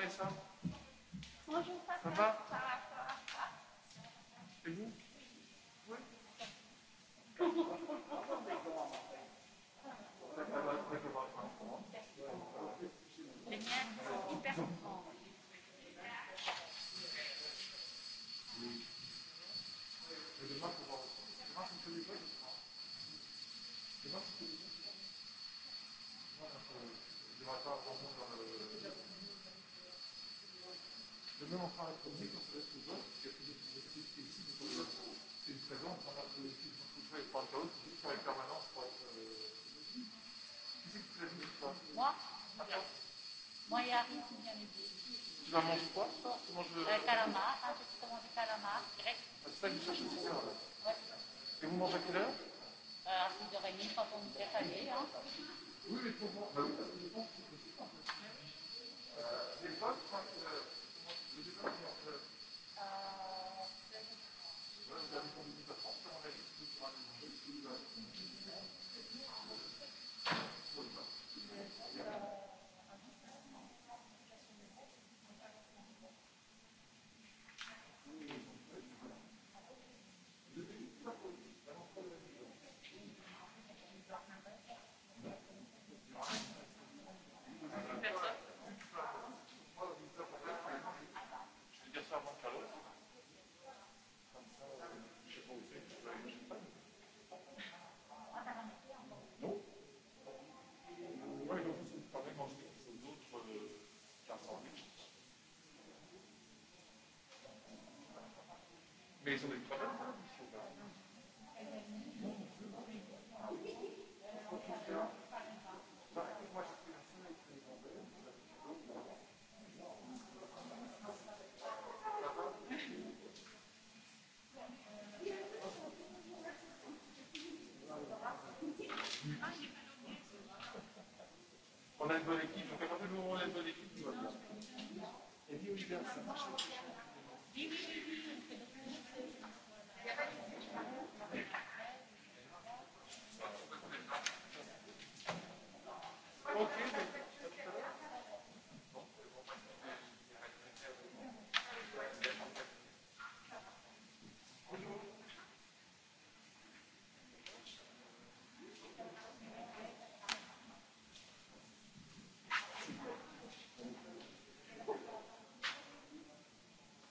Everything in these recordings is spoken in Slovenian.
Teresa? Ça va? C'est bon? Oui? Les miennes sont hyper grandes. Demain, je ne connais pas, je crois. Demain, je ne connais pas. Demain, je ne connais pas. Demain, je ne connais pas. vraiment faire la chronique, on se laisse toujours, parce qu'il y a plus de petits ici, du euh, coup, c'est une présence, on a tous les petits bouts de par euh, le chaos, c'est juste faire une permanence pour être. Qui c'est que tu l'as mis, toi Moi Moi, il arrive, il vient m'aider. Tu vas manger quoi Tu manges le. Euh, calamar, hein, je suis manger calamar, grec. Ah, c'est ça que je cherche aussi, ça, là. Et vous mangez à quelle heure À 6h30, quand on me fait aller, hein. Oui, mais pour moi, bah oui, parce que je pense que c'est possible, en fait. Les potes, je crois que. On a une bonne équipe, on fait pas plus de moment, on a une bonne équipe, tout va bien. Et dis au ça marche.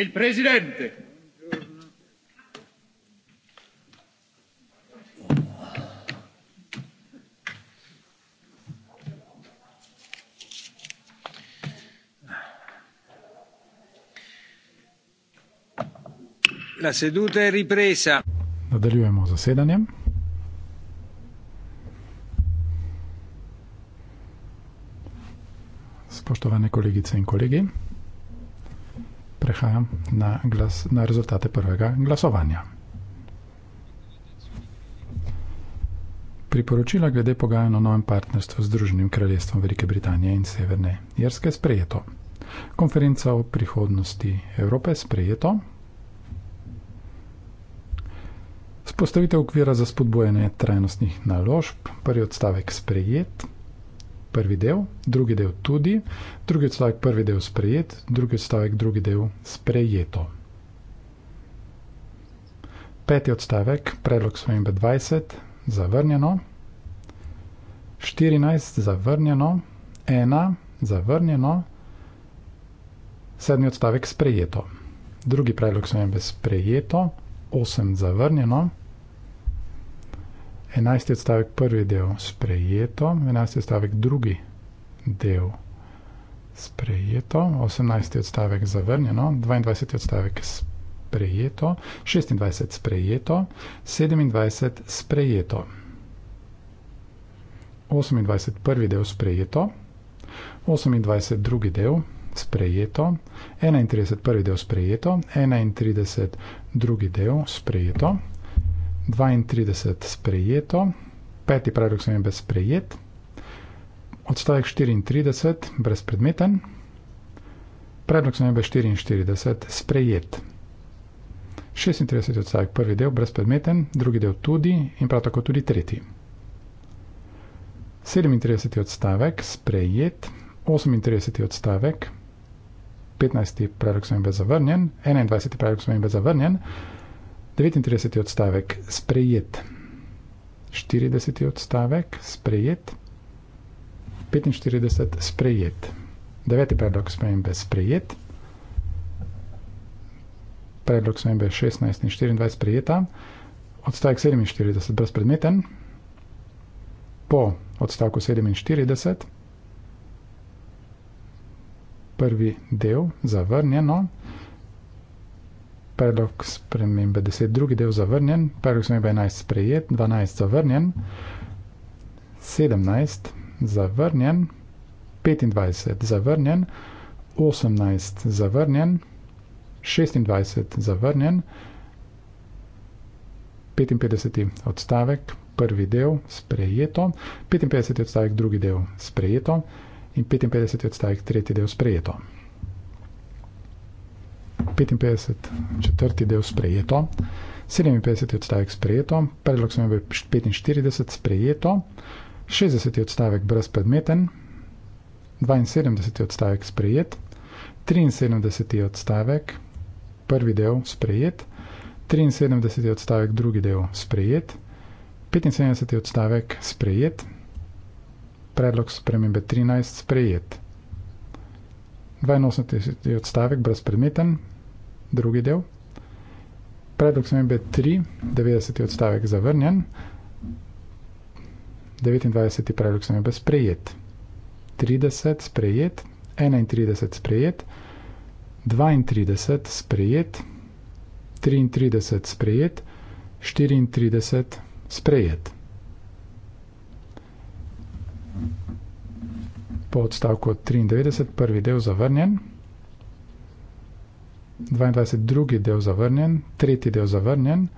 il presidente La seduta è ripresa. Nadaljujemo zasedanje. Spoštovane kolegice in kolegi prihajam na, glas, na rezultate prvega glasovanja. Priporočila glede pogajanja o novem partnerstvu z Združenim kraljestvom Velike Britanije in Severne Jerske je sprejeto. Konferenca o prihodnosti Evrope je sprejeto. Spostavitev okvira za spodbojanje trajnostnih naložb, prvi odstavek sprejet prvi del, drugi del tudi, drugi odstavek prvi del sprejet, drugi odstavek drugi del sprejeto. Peti odstavek, predlog spremembe 20, zavrnjeno. 14, zavrnjeno. 1, zavrnjeno. Sedmi odstavek, sprejeto. Drugi predlog spremembe, sprejeto. 8, zavrnjeno. 11. stavek prvi del sprejeto, 11. stavek drugi del sprejeto, 18. stavek zavrnjeno, 22. stavek sprejeto, 26. sprejeto, 27. sprejeto, 28. prvi del sprejeto, 28. drugi del sprejeto, 31. prvi del sprejeto, 31. drugi del sprejeto, 32 sprejeto, peti predlog sem imel sprejet, odstavek 34 brezpredmeten, predlog sem imel 44 sprejet. 36 odstavek prvi del brezpredmeten, drugi del tudi in prav tako tudi tretji. 37 odstavek sprejet, 38 odstavek, 15 predlog sem imel zavrnjen, 21 predlog sem imel zavrnjen, 39. odstavek sprejet, 40. odstavek sprejet, 45. sprejet, 9. predlog spremembe sprejet, predlog spremembe 16 in 24 sprejeta, odstavek 47 brezpredmeten, po odstavku 47 prvi del zavrnjeno, predlog spremembe 10, drugi del zavrnjen, predlog spremembe 11 sprejet, 12 zavrnjen, 17 zavrnjen, 25 zavrnjen, 18 zavrnjen, 26 zavrnjen, 55 odstavek, prvi del sprejeto, 55 odstavek, drugi del sprejeto in 55 odstavek, tretji del sprejeto. 55, četrti del sprejeto, 57 odstavek sprejeto, predlog sem 45 sprejeto, 60 odstavek brezpredmeten, 72 odstavek sprejet, 73 odstavek, prvi del sprejet, 73 odstavek, drugi del sprejet, 75 odstavek sprejet, predlog spremembe 13 sprejet. 82 odstavek brezpredmeten, drugi del. Predlog smembe 3, 90. odstavek zavrnjen, 29. predlog smembe sprejet, 30. sprejet, 31. sprejet, 32. sprejet, 33. sprejet, 34. sprejet. Po odstavku 93. prvi del zavrnjen, 30. sprejet, 22. drugi del zavrnjen, tretji del zavrnjen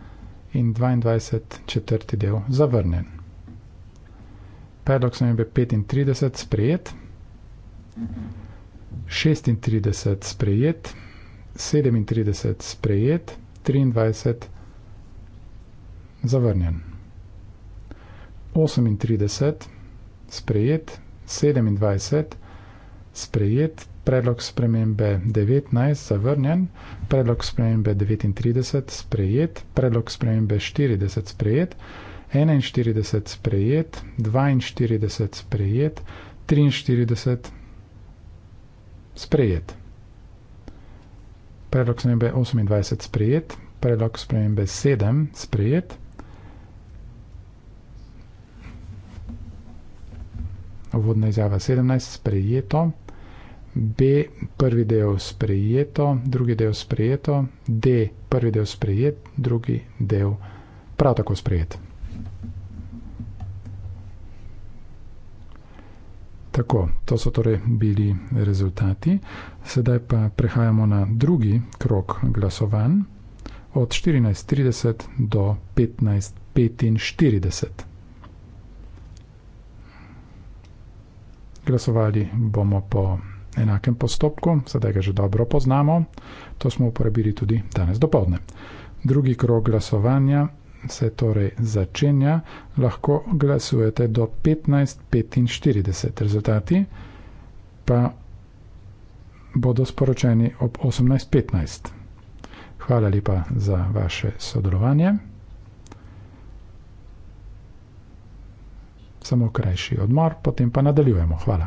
in 22. četrti del zavrnjen. Predlog sem imel 35 sprejet, 36 sprejet, 37 sprejet, 23 zavrnjen. 38 sprejet, 27 sprejet, predlog spremembe 19 zavrnjen, predlog spremembe 39 sprejet, predlog spremembe 40 sprejet, 41 sprejet, 42 sprejet, 43 sprejet. Predlog spremembe 28 sprejet, predlog spremembe 7 sprejet, Uvodna izjava 17, sprejeto. B, prvi del sprejeto, drugi del sprejeto, D, prvi del sprejet, drugi del prav tako sprejet. Tako, to so torej bili rezultati. Sedaj pa prehajamo na drugi krok glasovanj od 14.30 do 15.45. Glasovali bomo po enakem postopku, sedaj ga že dobro poznamo, to smo uporabili tudi danes dopoledne. Drugi krog glasovanja se torej začenja, lahko glasujete do 15:45, rezultati pa bodo sporočeni ob 18:15. Hvala lepa za vaše sodelovanje. Samo krajši odmor, potem pa nadaljujemo. Hvala.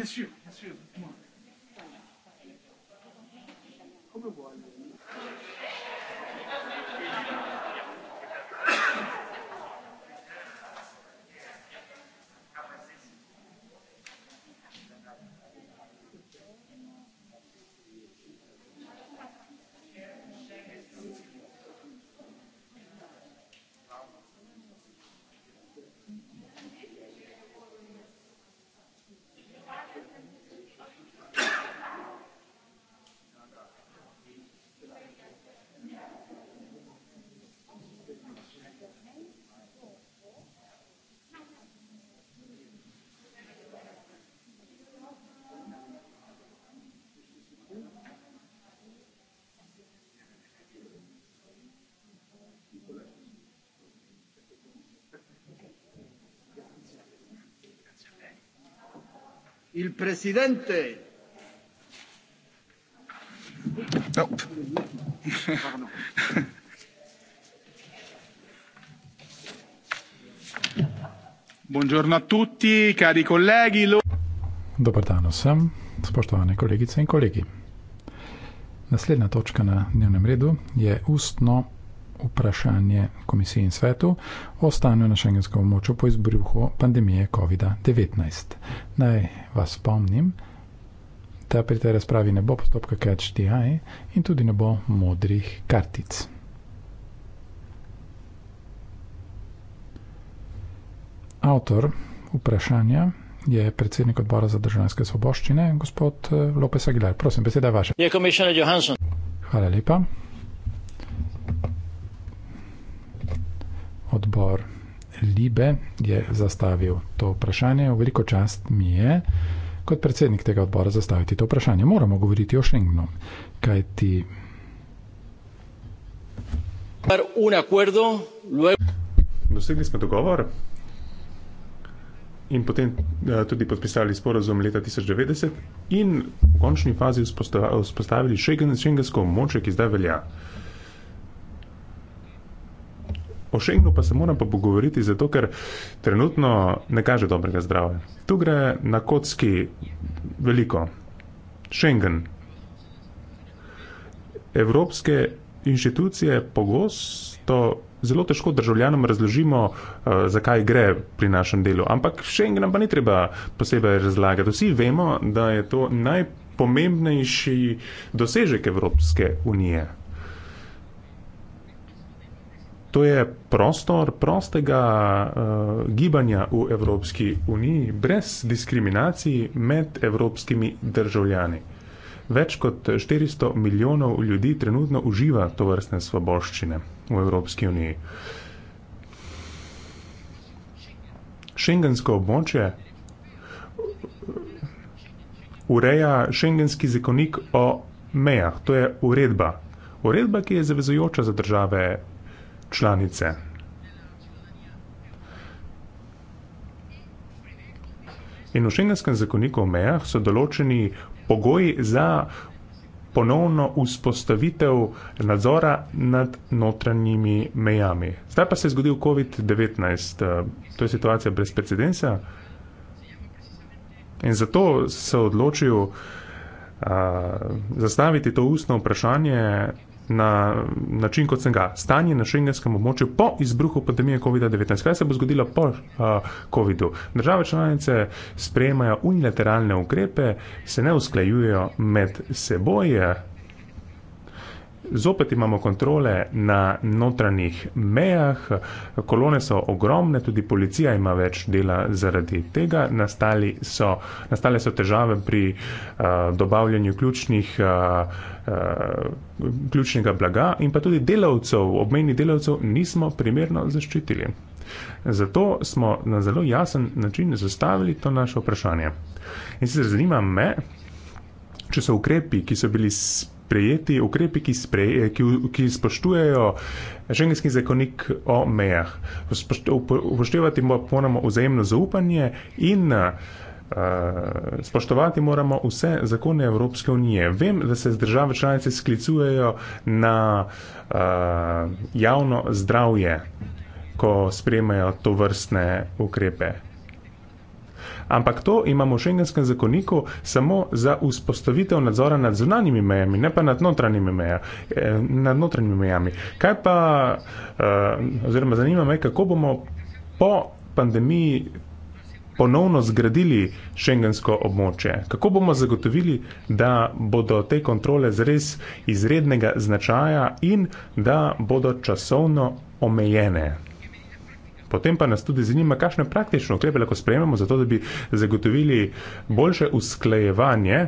Yes, you. Yes, you. Il presidente. No. Buongiorno a tutti, cari colleghi. Dobar dan vsem, spoštovane kolegice in kolegi. Naslednja točka na dnevnem redu je ustno vprašanje komisiji in svetu o stanju na šengenskem območju po izbruhu pandemije COVID-19. Naj vas spomnim, da pri tej razpravi ne bo postopka CatchDI in tudi ne bo modrih kartic. Avtor vprašanja je predsednik odbora za državljanske svoboščine, gospod eh, Lopes Aguilar. Prosim, beseda je vaša. Hvala lepa. zbor Libe je zastavil to vprašanje. V veliko čast mi je kot predsednik tega odbora zastaviti to vprašanje. Moramo govoriti o Schengenu, kaj ti. Dosegli smo dogovor in potem eh, tudi podpisali sporozum leta 1990 in v končni fazi vzpostavili šengensko območje, ki zdaj velja. Uh, O šengnu pa se moram pa pogovoriti, zato ker trenutno ne kaže dobrega zdravja. Tu gre na kocki veliko. Šengen. Evropske inštitucije pogosto zelo težko državljanom razložimo, uh, zakaj gre pri našem delu. Ampak Schengen pa ni treba posebej razlagati. Vsi vemo, da je to najpomembnejši dosežek Evropske unije. To je prostor prostega uh, gibanja v Evropski uniji brez diskriminacij med evropskimi državljani. Več kot 400 milijonov ljudi trenutno uživa to vrstne svoboščine v Evropski uniji. Šengensko območje ureja šengenski zakonik o mejah. To je uredba. Uredba, ki je zavezujoča za države članice. In v šengenskem zakoniku o mejah so določeni pogoji za ponovno vzpostavitev nadzora nad notranjimi mejami. Zdaj pa se je zgodil COVID-19, eh, to je situacija brez precedensa. In zato se odločil uh, zastaviti to ustno vprašanje na način, kot sem ga. Stanje na šengenskem območju po izbruhu pandemije COVID-19. Kaj se bo zgodilo po uh, COVID-u? Države članice sprejemajo unilateralne ukrepe, se ne usklajujejo med seboj, Zopet imamo kontrole na notranjih mejah, kolone so ogromne, tudi policija ima več dela zaradi tega. So, nastale so težave pri uh, dobavljanju ključnih, uh, uh, ključnega blaga in pa tudi delavcev, obmejnih delavcev nismo primerno zaščitili. Zato smo na zelo jasen način zastavili to naše vprašanje. In sicer zanima me, če so ukrepi, ki so bili sprejeti, prijeti ukrepi, ki, spreje, ki, ki spoštujejo šengenski zakonik o mejah. Upoštevati moramo vzajemno zaupanje in uh, spoštovati moramo vse zakone Evropske unije. Vem, da se države članice sklicujejo na uh, javno zdravje, ko sprejmejo to vrstne ukrepe ampak to imamo v šengenskem zakoniku samo za vzpostavitev nadzora nad zunanjimi mejami, ne pa nad notranjimi, meja, eh, nad notranjimi mejami. Kaj pa, eh, oziroma zanima me, kako bomo po pandemiji ponovno zgradili šengensko območje. Kako bomo zagotovili, da bodo te kontrole zres izrednega značaja in da bodo časovno omejene? Potem pa nas tudi zanima, kakšne praktične ukrepe lahko sprejmemo, zato da bi zagotovili boljše usklajevanje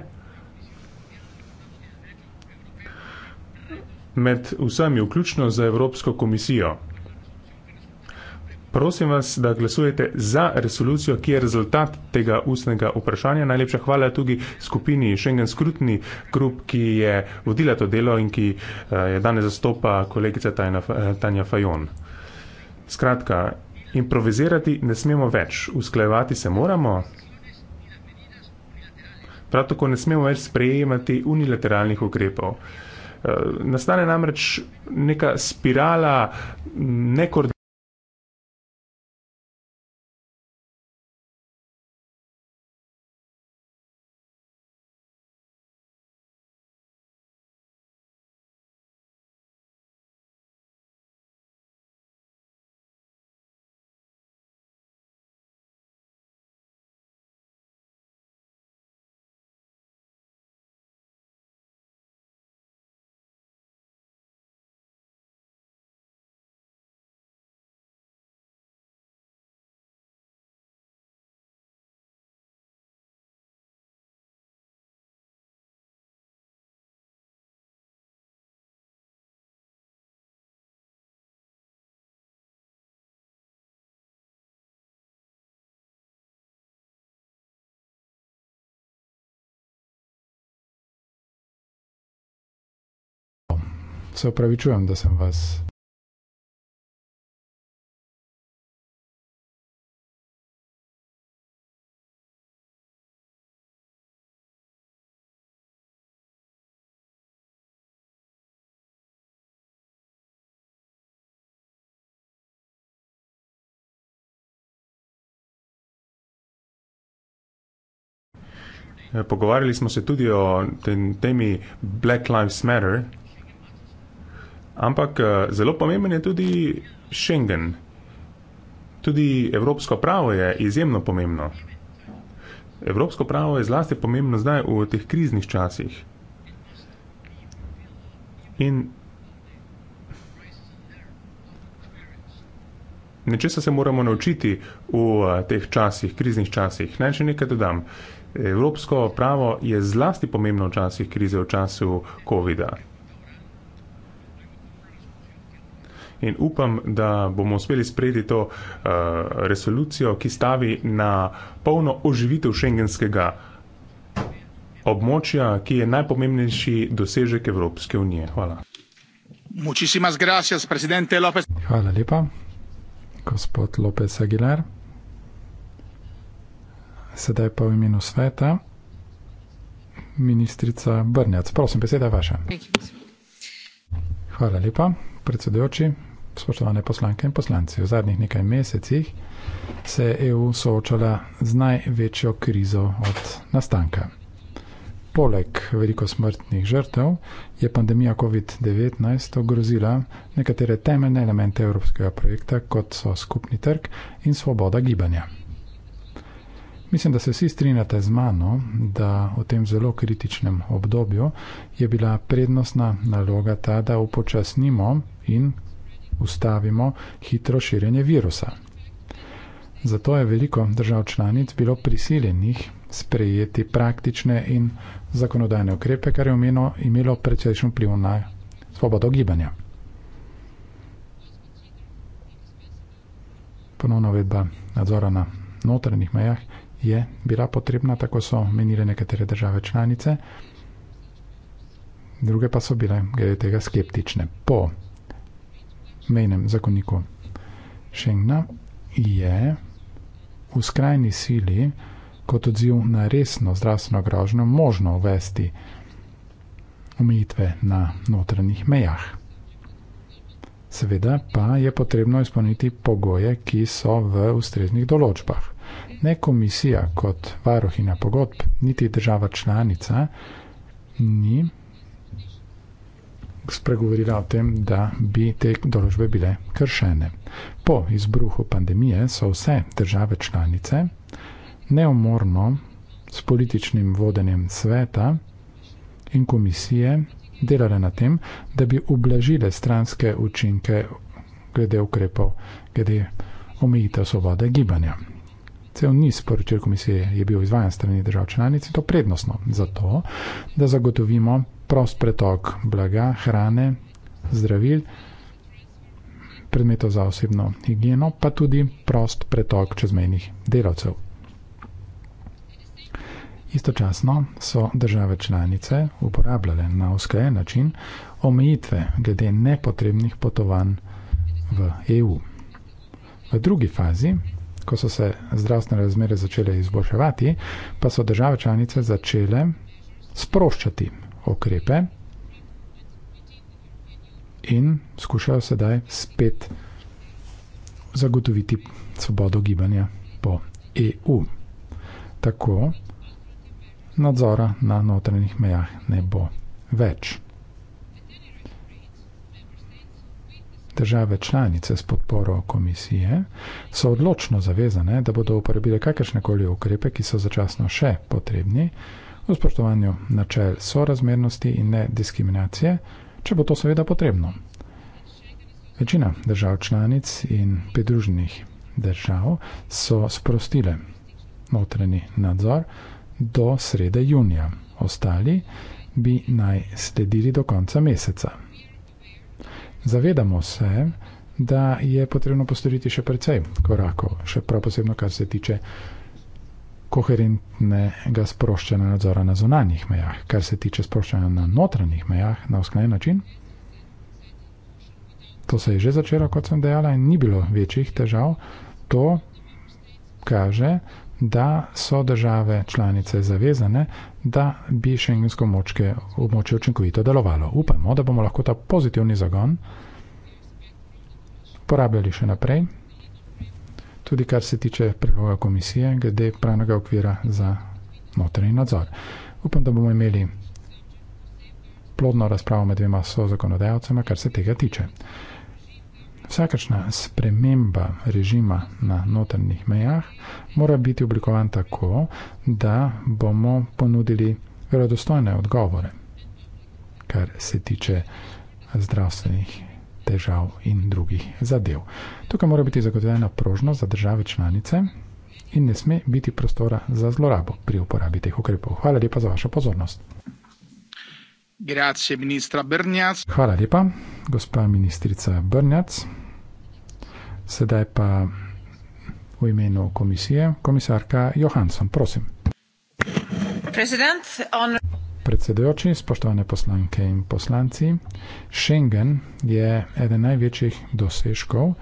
med vsemi, vključno za Evropsko komisijo. Prosim vas, da glasujete za resolucijo, ki je rezultat tega ustnega vprašanja. Najlepša hvala tudi skupini Schengen Skrutni Group, ki je vodila to delo in ki eh, je danes zastopa kolegica eh, Tanja Fajon. Skratka, Improvizirati ne smemo več, usklajevati se moramo. Prav tako ne smemo več sprejemati unilateralnih ukrepov. Eh, nastane namreč neka spirala nekoordinacije. Se opravičujem, da sem vas. Eh, pogovarjali smo se tudi o temi Black Lives Matter, ampak eh, zelo pomemben je tudi Schengen. Tudi evropsko pravo je izjemno pomembno. Evropsko pravo je zlasti pomembno zdaj v teh kriznih časih. In nečesa se moramo naučiti v eh, teh časih, kriznih časih. Naj še nekaj dodam. Evropsko pravo je zlasti pomembno v časih krize, v času COVID-a. in upam, da bomo uspeli sprejeti to uh, resolucijo, ki stavi na polno oživitev šengenskega območja, ki je najpomembnejši dosežek Evropske unije. Hvala. Hvala lepa, gospod Lopes Aguilar. Sedaj pa v imenu sveta. Ministrica Brnjac, prosim, beseda je vaša. Hvala lepa, predsedujoči, spoštovane poslanke in poslanci, v zadnjih nekaj mesecih se je EU soočala z največjo krizo od nastanka. Poleg veliko smrtnih žrtev je pandemija COVID-19 ogrozila nekatere temeljne elemente evropskega projekta, kot so skupni trg in svoboda gibanja. Mislim, da se vsi strinjate z mano, da v tem zelo kritičnem obdobju je bila prednostna naloga ta, da upočasnimo in ustavimo hitro širjenje virusa. Zato je veliko držav članic bilo prisiljenih sprejeti praktične in zakonodajne ukrepe, kar je umeno, imelo precejšen vpliv na svobodo gibanja. Ponovna uvedba nadzora na notranjih mejah je bila potrebna, tako so menile nekatere države članice, druge pa so bile glede tega skeptične. Po mejnem zakoniku Šengna je v skrajni sili kot odziv na resno zdravstveno grožnjo možno uvesti omejitve na notranjih mejah. Seveda pa je potrebno izpolniti pogoje, ki so v ustreznih določbah. Ne komisija kot varohina pogodb, niti država članica ni spregovorila o tem, da bi te določbe bile kršene. Po izbruhu pandemije so vse države članice neumorno s političnim vodenjem sveta in komisije delale na tem, da bi ublažile stranske učinke glede ukrepov, glede omejitev svobode gibanja. Cel niz poročil komisije je bil izvajan strani držav članic in to prednostno zato, da zagotovimo prost pretok blaga, hrane, zdravil, predmetov za osebno higieno, pa tudi prost pretok čezmejnih delavcev. Istočasno so države članice uporabljale na usklajen način omejitve glede nepotrebnih potovanj v EU. V drugi fazi, ko so se zdravstvene razmere začele izboljševati, pa so države članice začele sproščati okrepe in skušajo sedaj spet zagotoviti svobodo gibanja po EU. Tako nadzora na notranjih mejah ne bo več. Države članice s podporo komisije so odločno zavezane, da bodo uporabile kakršnekoli ukrepe, ki so začasno še potrebni, v spoštovanju načel sorazmernosti in ne diskriminacije, če bo to seveda potrebno. Večina držav članic in pridruženih držav so sprostile notreni nadzor do srede junija, ostali bi naj sledili do konca meseca. Zavedamo se, da je potrebno postoriti še precej korakov, še prav posebno, kar se tiče koherentnega sproščanja nadzora na zunanjih mejah. Kar se tiče sproščanja na notranjih mejah, na usklajen način, to se je že začelo, kot sem dejala, in ni bilo večjih težav. To kaže, da so države članice zavezane, da bi šengensko močke območje učinkovito delovalo. Upajmo, da bomo lahko ta pozitivni zagon porabljali še naprej tudi kar se tiče predloga komisije glede pravnega okvira za notranji nadzor. Upam, da bomo imeli plodno razpravo med dvema sozakonodajalcema, kar se tega tiče. Vsakačna sprememba režima na notranjih mejah mora biti oblikovan tako, da bomo ponudili verodostojne odgovore, kar se tiče zdravstvenih težav in drugih zadev. Tukaj mora biti zagotovljena prožnost za države članice in ne sme biti prostora za zlorabo pri uporabi teh ukrepov. Hvala lepa za vašo pozornost. Grazie, ministra Brnjac. Hvala lepa, gospa ministrica Brnjac. Sedaj pa v imenu komisije, komisarka Johansson, prosim. President, on predsedujoči, spoštovane poslanke in poslanci. Schengen je eden največjih dosežkov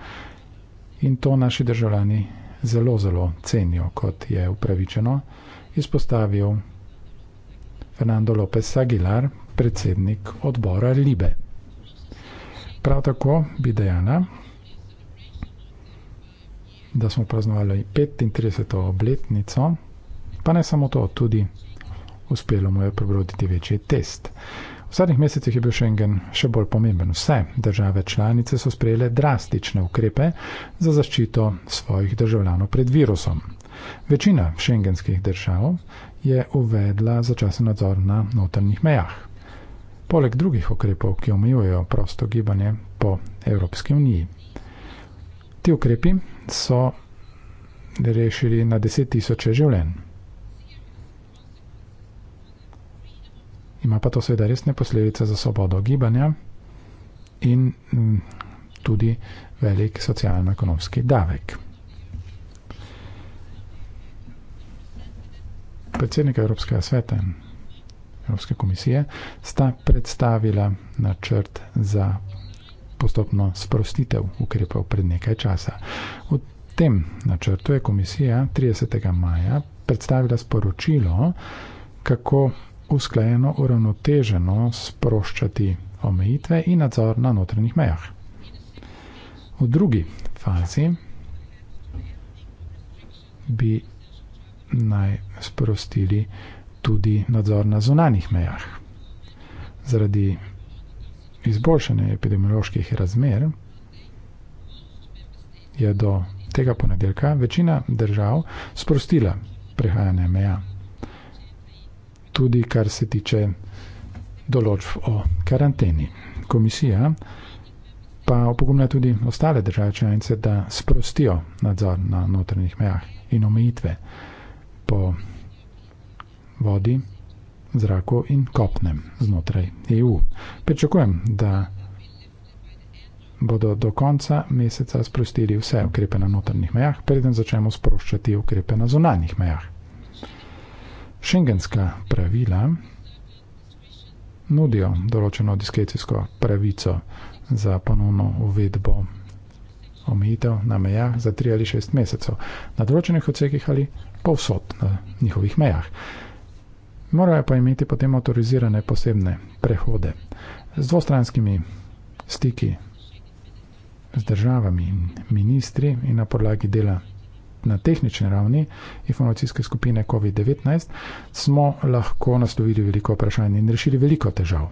in to naši državljani zelo, zelo cenijo, kot je upravičeno izpostavil Fernando López Aguilar, predsednik odbora Libe. Prav tako bi dejala, da smo praznovali 35. obletnico, pa ne samo to, tudi uspelo mu je prebroditi večji test. V zadnjih mesecih je bil Schengen še bolj pomemben. Vse države članice so sprejele drastične ukrepe za zaščito svojih državljanov pred virusom. Večina šengenskih držav je uvedla začasen nadzor na notrnih mejah. Poleg drugih ukrepov, ki omejujejo prosto gibanje po Evropski uniji. Ti ukrepi so rešili na deset tisoče življenj. ima pa to seveda resne posledice za svobodo gibanja in mm, tudi velik socialno-ekonomski davek. Predsednik Evropskega sveta in Evropske komisije sta predstavila načrt za postopno sprostitev ukrepov pred nekaj časa. V tem načrtu je komisija 30. maja predstavila sporočilo, kako usklajeno, uravnoteženo sproščati omejitve in nadzor na notranjih mejah. V drugi fazi bi naj sprostili tudi nadzor na zunanjih mejah. Zaradi izboljšanja epidemioloških razmer je do tega ponedeljka večina držav sprostila prehajanje meja tudi kar se tiče določb o karanteni. Komisija pa opogumlja tudi ostale države članice, da sprostijo nadzor na notranjih mejah in omejitve po vodi, zraku in kopnem znotraj EU. Pričakujem, da bodo do konca meseca sprostili vse ukrepe na notranjih mejah, preden začnemo sproščati ukrepe na zunanjih mejah. Šengenska pravila nudijo določeno diskrecijsko pravico za ponovno uvedbo omejitev na mejah za tri ali šest mesecev na določenih odsekih ali povsod na njihovih mejah. Morajo pa imeti potem avtorizirane posebne prehode z dvostranskimi stiki z državami in ministri in na podlagi dela na tehnični ravni informacijske skupine COVID-19, smo lahko naslovili veliko vprašanj in rešili veliko težav.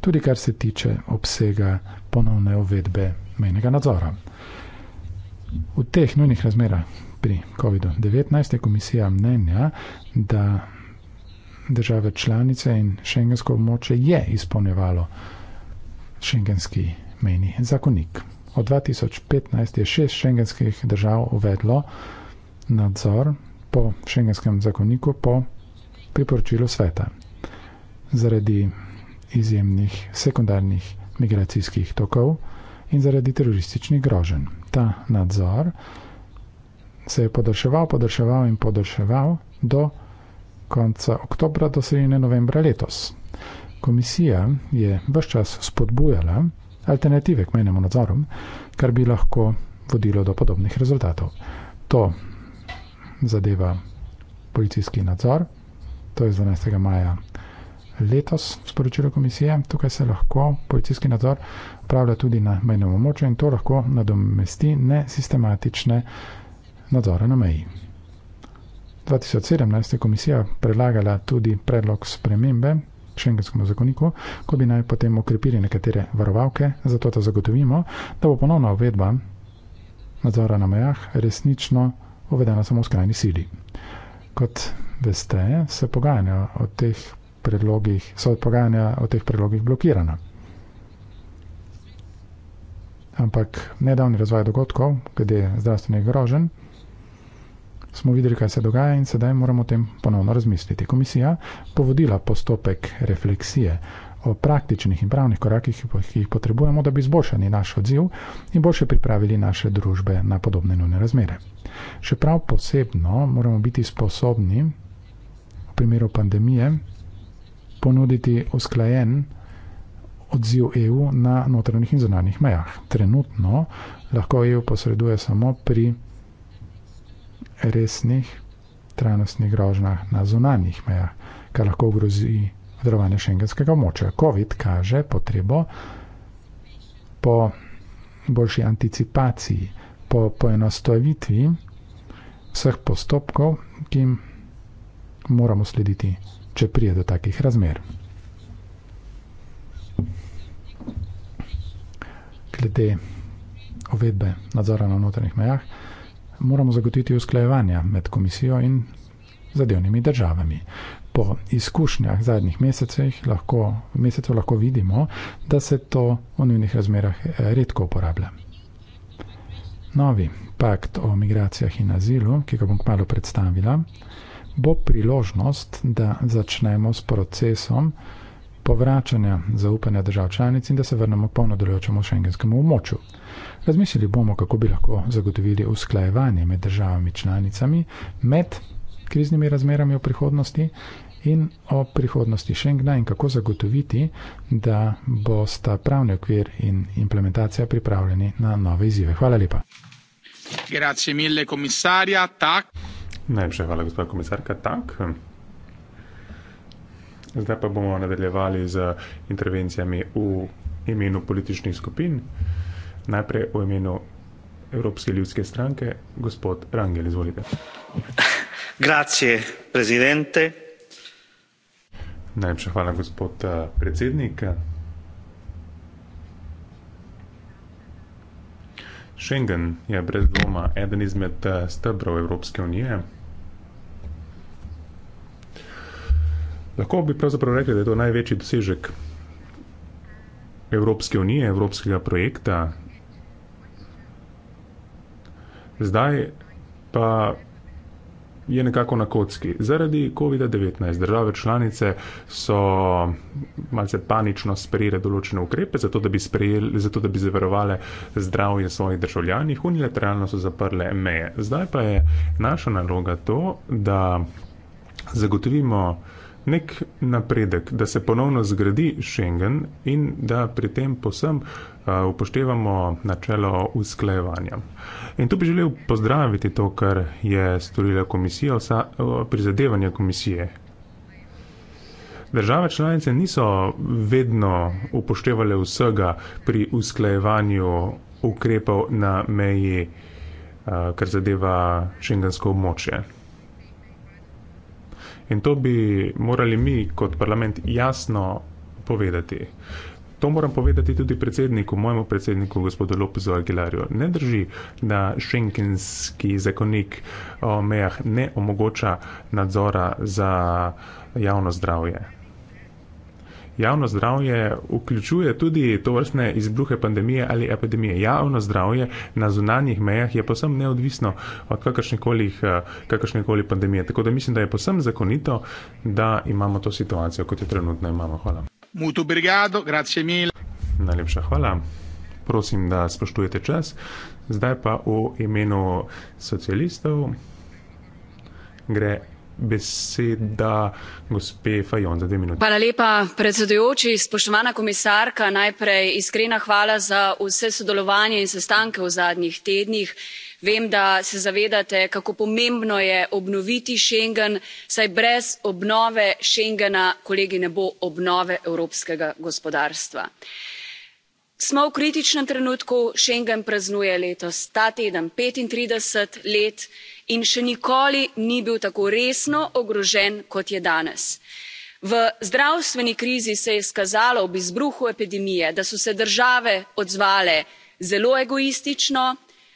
Tudi kar se tiče obsega ponovne uvedbe mejnega nadzora. V teh nujnih razmerah pri COVID-19 je komisija mnenja, da države članice in šengensko območje je izpolnjevalo šengenski mejni zakonik. Od 2015 je šest šengenskih držav uvedlo nadzor po šengenskem zakoniku po priporočilu sveta zaradi izjemnih sekundarnih migracijskih tokov in zaradi terorističnih groženj. Ta nadzor se je podaljševal, podaljševal in podaljševal do konca oktobra do sredine novembra letos. Komisija je vse čas spodbujala alternative k menjemu nadzoru, kar bi lahko vodilo do podobnih rezultatov. To zadeva policijski nadzor, to je z 12. maja letos sporočilo komisije, tukaj se lahko policijski nadzor upravlja tudi na mejnem območju in to lahko nadomesti nesistematične nadzore na meji. 2017 je komisija predlagala tudi predlog spremembe šengenskemu zakoniku, ko bi naj potem okrepili nekatere varovalke, zato da zagotovimo, da bo ponovna uvedba nadzora na mejah resnično uvedena samo v skrajni sili. Kot veste, se pogajanja o teh predlogih, so pogajanja o teh predlogih blokirana. Ampak nedavni razvoj dogodkov, kde je zdravstveni grožen, smo videli, kaj se dogaja in sedaj moramo o tem ponovno razmisliti. Komisija povodila postopek refleksije o praktičnih in pravnih korakih, ki jih potrebujemo, da bi izboljšali naš odziv in boljše pripravili naše družbe na podobne nujne razmere. Še prav posebno moramo biti sposobni v primeru pandemije ponuditi usklajen odziv EU na notranjih in zunanjih mejah. Trenutno lahko EU posreduje samo pri resnih trajnostnih grožnah na zunanjih mejah, kar lahko grozi obdrovanje šengenskega območja. COVID kaže potrebo po boljši anticipaciji, po poenostavitvi vseh postopkov, ki jim moramo slediti, če prije do takih razmer. Glede uvedbe nadzora na notranjih mejah, moramo zagotoviti usklajevanja med komisijo in zadevnimi državami. Po izkušnjah zadnjih mesecev lahko vidimo, da se to v nujnih razmerah eh, redko uporablja. Novi pakt o migracijah in azilu, ki ga bom kmalo predstavila, bo priložnost, da začnemo s procesom, povračanja zaupanja držav članic in da se vrnemo k polno delujočemu šengenskemu območju. Razmislili bomo, kako bi lahko zagotovili usklajevanje med državami članicami, med kriznimi razmerami v prihodnosti in o prihodnosti Schengna in kako zagotoviti, da bosta pravni okvir in implementacija pripravljeni na nove izzive. Hvala lepa. Grazie mille, komisarja. Tak. Najlepša hvala, gospod komisarka. Tak. Zdaj pa bomo nadaljevali z intervencijami v imenu političnih skupin. Najprej v imenu Evropske ljudske stranke, gospod Rangel, izvolite. Grazie, prezidente. Najlepša hvala, gospod eh, predsednik. Schengen je brez dvoma eden izmed eh, stebrov Evropske unije. Lahko bi pravzaprav rekli, da je to največji dosežek Evropske unije, evropskega projekta. Zdaj pa je nekako na kocki. Zaradi COVID-19 države članice so malce panično sprejele določene ukrepe, zato da bi, sprejeli, zato, da bi zavarovale zdravje svojih državljanih, unilateralno so zaprle meje. Zdaj pa je naša naloga to, da zagotovimo nek napredek, da se ponovno zgradi Schengen in da pri tem posem eh, upoštevamo načelo usklejevanja. In tu bi želel pozdraviti to, kar je storila komisija, vsa eh, prizadevanja komisije. Države članice niso vedno upoštevale vsega pri usklejevanju ukrepov na meji, eh, kar zadeva šengensko območje. In to bi morali mi kot parlament jasno povedati. To moram povedati tudi predsedniku, mojemu predsedniku, gospodu Lopezu Aguilarju. Ne drži, da šengenski zakonik o mejah ne omogoča nadzora za javno zdravje javno zdravje vključuje tudi to vrstne izbruhe pandemije ali epidemije. Javno zdravje na zunanjih mejah je posem neodvisno od eh, kakršnekoli pandemije. Tako da mislim, da je posem zakonito, da imamo to situacijo, kot jo trenutno imamo. Hvala. Muto brigado, grazie mille. Najlepša hvala. Prosim, da spoštujete čas. Zdaj pa v imenu socialistov gre beseda gospe Fajon za dve minute. Hvala lepa, predsedujoči. Spoštovana komisarka, najprej iskrena hvala za vse sodelovanje in sestanke v zadnjih tednih. Vem, da se zavedate, kako pomembno je obnoviti Schengen, saj brez obnove Schengena, kolegi, ne bo obnove evropskega gospodarstva. Smo v kritičnem trenutku, Schengen praznuje letos ta teden 35 let in še nikoli ni bil tako resno ogrožen kot je danes. v zdravstveni krizi se je izkazalo ob izbruhu epidemije da so se države odzvale zelo egoistično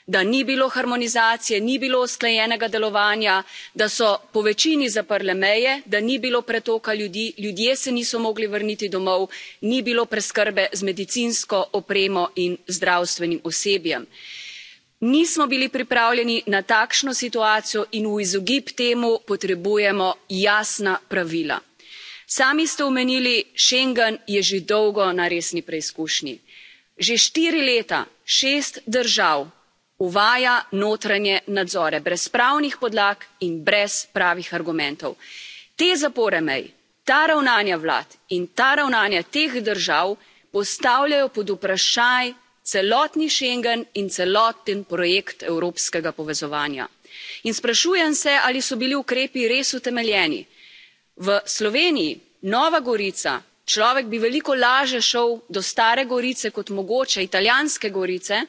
da ni bilo harmonizacije ni bilo usklajenega delovanja da so povečini zaprle meje da ni bilo pretoka ljudi ljudje se niso mogli vrniti domov ni bilo preskrbe z medicinsko opremo in zdravstvenim osebjem nismo bili pripravljeni na takšno situacijo in v izogib temu potrebujemo jasna pravila. sami ste omenili schengen je že dolgo na resni preizkušnji. že štiri leta šest držav uvaja notranje nadzore brez pravnih podlag in brez pravih argumentov. te zapore mej ta ravnanja vlad in ta ravnanja teh držav postavljajo pod vprašaj celotni schengen in celoten projekt evropskega povezovanja in sprašujem se ali so bili ukrepi res utemeljeni. v sloveniji nova gorica človek bi veliko lažje šel do stare gorice kot mogoče italijanske gorice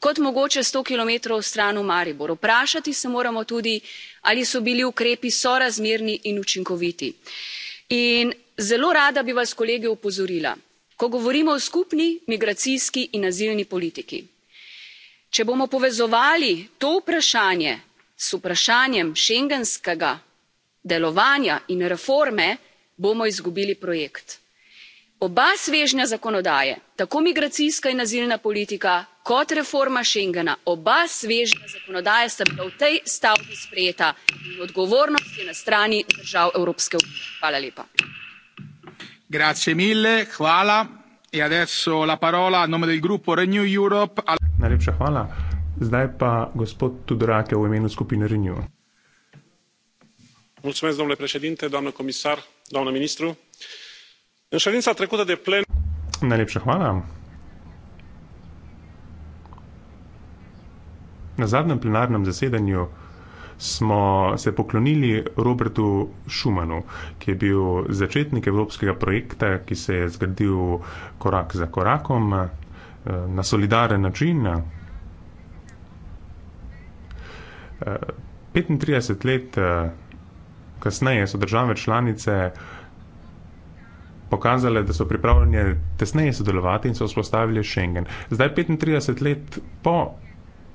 kot mogoče sto kilometrov stran v maribor. vprašati se moramo tudi ali so bili ukrepi sorazmerni in učinkoviti. in zelo rada bi vas kolegi opozorila ko govorimo o skupni migracijski in azilni politiki. če bomo povezovali to vprašanje z vprašanjem schengenskega delovanja in reforme bomo izgubili projekt. oba svežnja zakonodaje tako migracijska in azilna politika kot reforma schengena oba svežnja zakonodaje sta bila v tej stavbi sprejeta in odgovornost je na strani držav evropske unije. Grazie mille, hvala. In e adesso la parola a nome del gruppo Renew Europe. Al... Najlepša hvala. Zdaj pa gospod Tudorake v imenu skupine Renew. Mulțumesc, domnule președinte, doamnă comisar, doamnă ministru. În ședința trecută de plen... Najlepša hvala. Na zadnjem plenarnem zasedanju smo se poklonili Robertu Šumanu, ki je bil začetnik evropskega projekta, ki se je zgradil korak za korakom eh, na solidaren način. 35 eh, let eh, kasneje so države članice pokazale, da so pripravljene tesneje sodelovati in so vzpostavili Schengen. Zdaj, 35 let po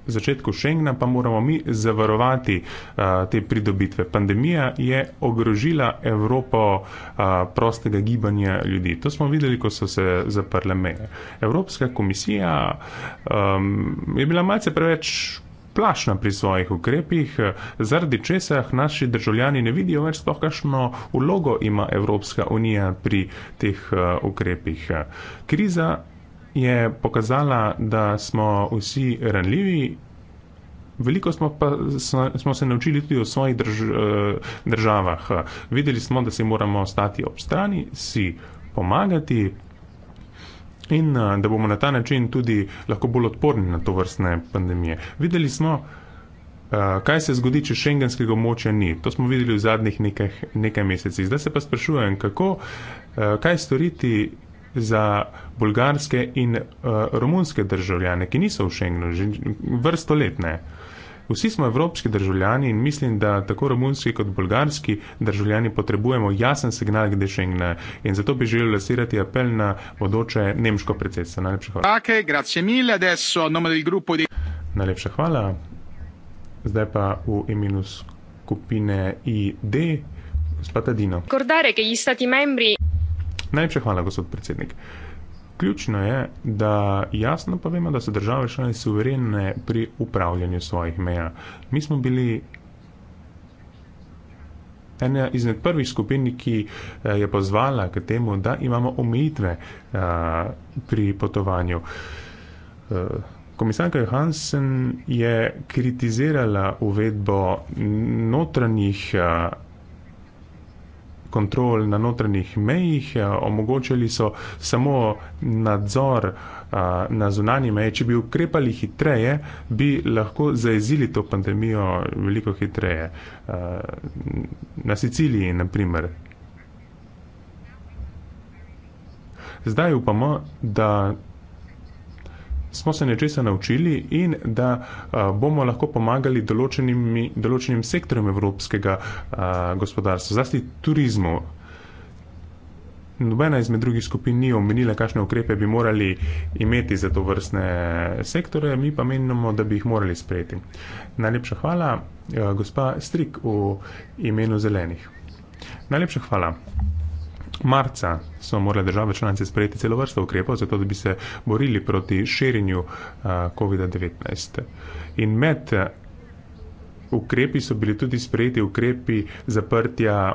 začetku Schengna pa moramo mi zavarovati a, eh, te pridobitve. Pandemija je ogrožila Evropo a, eh, prostega gibanja ljudi. To smo videli, ko so se zaprle meje. Evropska komisija a, ehm, je bila malce preveč. Plašna pri svojih ukrepih, eh, zaradi česah naši državljani ne vidijo več, sploh kakšno vlogo ima Evropska unija pri teh ukrepih. Kriza je pokazala, da smo vsi ranljivi. Veliko smo, pa, smo se naučili tudi o svojih drž, eh, državah. Videli smo, da se moramo stati ob strani, si pomagati in eh, da bomo na ta način tudi lahko bolj odporni na to vrstne pandemije. Videli smo, eh, kaj se zgodi, če šengenskega moča ni. To smo videli v zadnjih nekaj, nekaj mesecih. Zdaj se pa sprašujem, kako, kaj storiti, za bolgarske in uh, romunske državljane, ki niso v Schengenu že vrsto let. Ne. Vsi smo evropski državljani in mislim, da tako romunski kot bolgarski državljani potrebujemo jasen signal, kde še in ne. In zato bi želel lasirati apel na bodoče nemško predsedstvo. Najlepša hvala. Okay, mille, adesso, di... Najlepša hvala. Zdaj pa v imenu skupine ID, gospod Adino. Najlepša hvala, gospod predsednik. Ključno je, da jasno povemo, da so države članice suverene pri upravljanju svojih meja. Mi smo bili ena izmed prvih skupin, ki eh, je pozvala k temu, da imamo omejitve eh, pri potovanju. Eh, komisarka Johansen je kritizirala uvedbo notranjih. A, kontrol na notranjih mejih, eh, omogočili so samo nadzor eh, na zunanji meji. Če bi ukrepali hitreje, bi lahko zaezili to pandemijo veliko hitreje. Eh, na Siciliji, naprimer. Zdaj upamo, da smo se nečesa naučili in da uh, bomo lahko pomagali določenimi, določenim sektorjem evropskega uh, gospodarstva, zlasti turizmu. Nobena izmed drugih skupin ni omenila, kakšne ukrepe bi morali imeti za to vrstne sektore, mi pa menimo, da bi jih morali sprejeti. Najlepša hvala, gospa Strik v imenu zelenih. Najlepša hvala marca so morale države članice sprejeti celo vrsto ukrepov, zato da bi se borili proti širjenju uh, COVID-19. In med uh, ukrepi so bili tudi sprejeti ukrepi zaprtja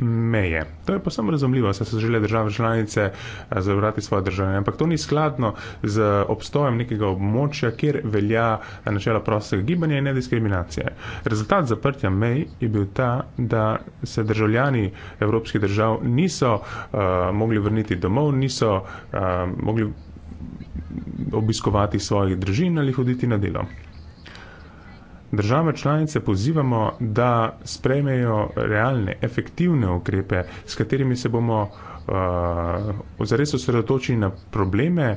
meje. To je pa samo razumljivo, saj so želele države članice eh, zavrati svoje državljane, ampak to ni skladno z obstojem nekega območja, kjer velja načela prostega gibanja in nediskriminacije. Rezultat zaprtja mej je bil ta, da se državljani evropskih držav niso uh, mogli vrniti domov, niso uh, mogli obiskovati svojih držin ali hoditi na delo. Države članice pozivamo, da sprejmejo realne, efektivne ukrepe, s katerimi se bomo uh, zares osredotočili na probleme,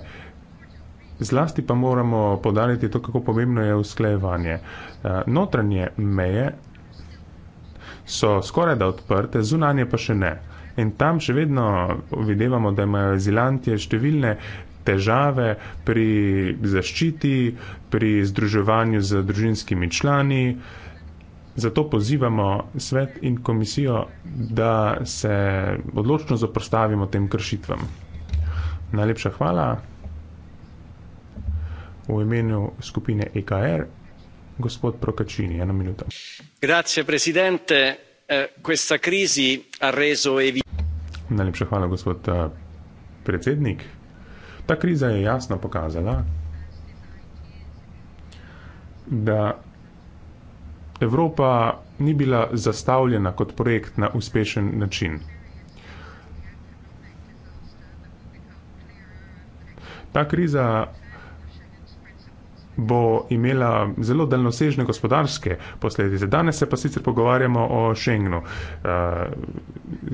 zlasti pa moramo podariti to, kako pomembno je usklejevanje. Uh, notranje meje so skoraj da odprte, zunanje pa še ne. In tam še vedno videvamo, da imajo azilantje številne težave pri zaščiti, pri združevanju z družinskimi člani. Zato pozivamo svet in komisijo, da se odločno zaprostavimo tem kršitvam. Najlepša hvala v imenu skupine EKR, er, gospod Prokačini, ena minuta. Grazie, presidente. Eh, questa crisi ha reso evidente. Najlepša hvala, gospod eh, predsednik. Ta kriza je jasno pokazala, da Evropa ni bila zastavljena kot projekt na uspešen način. Ta kriza bo imela zelo daljnosežne gospodarske posledice. Danes se pa sicer pogovarjamo o Schengenu. Uh,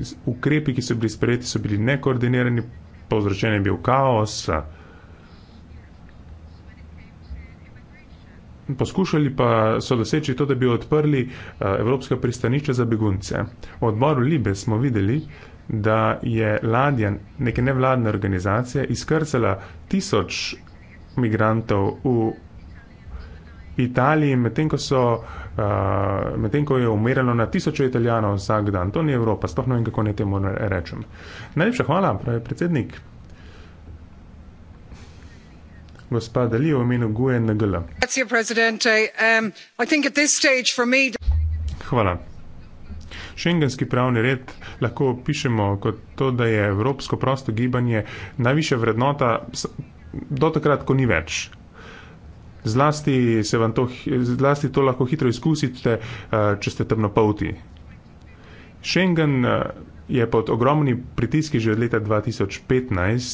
eh, ukrepi, ki so bili sprejeti, so bili nekoordinirani, povzročen je bil kaos. Poskušali pa so doseči to, da bi odprli eh, evropska pristanišča za begunce. V odboru Libe smo videli, da je ladja neke nevladne organizacije izkrcala tisoč migrantov v Italiji, medtem ko, so, uh, medtem ko je umiralo na tisoče Italijanov vsak dan. To ni Evropa, sploh ne vem, kako naj temu rečem. Najlepša hvala, pravi predsednik. Gospa Dalijo, v imenu Gue NGL. Um, hvala. Šengenski pravni red lahko opišemo kot to, da je evropsko prosto gibanje najviše vrednota do takrat, ko ni več zlasti se vam to, zlasti to lahko hitro izkusite, eh, če ste temnopolti. Schengen eh, je pod ogromnimi pritiski že od leta 2015.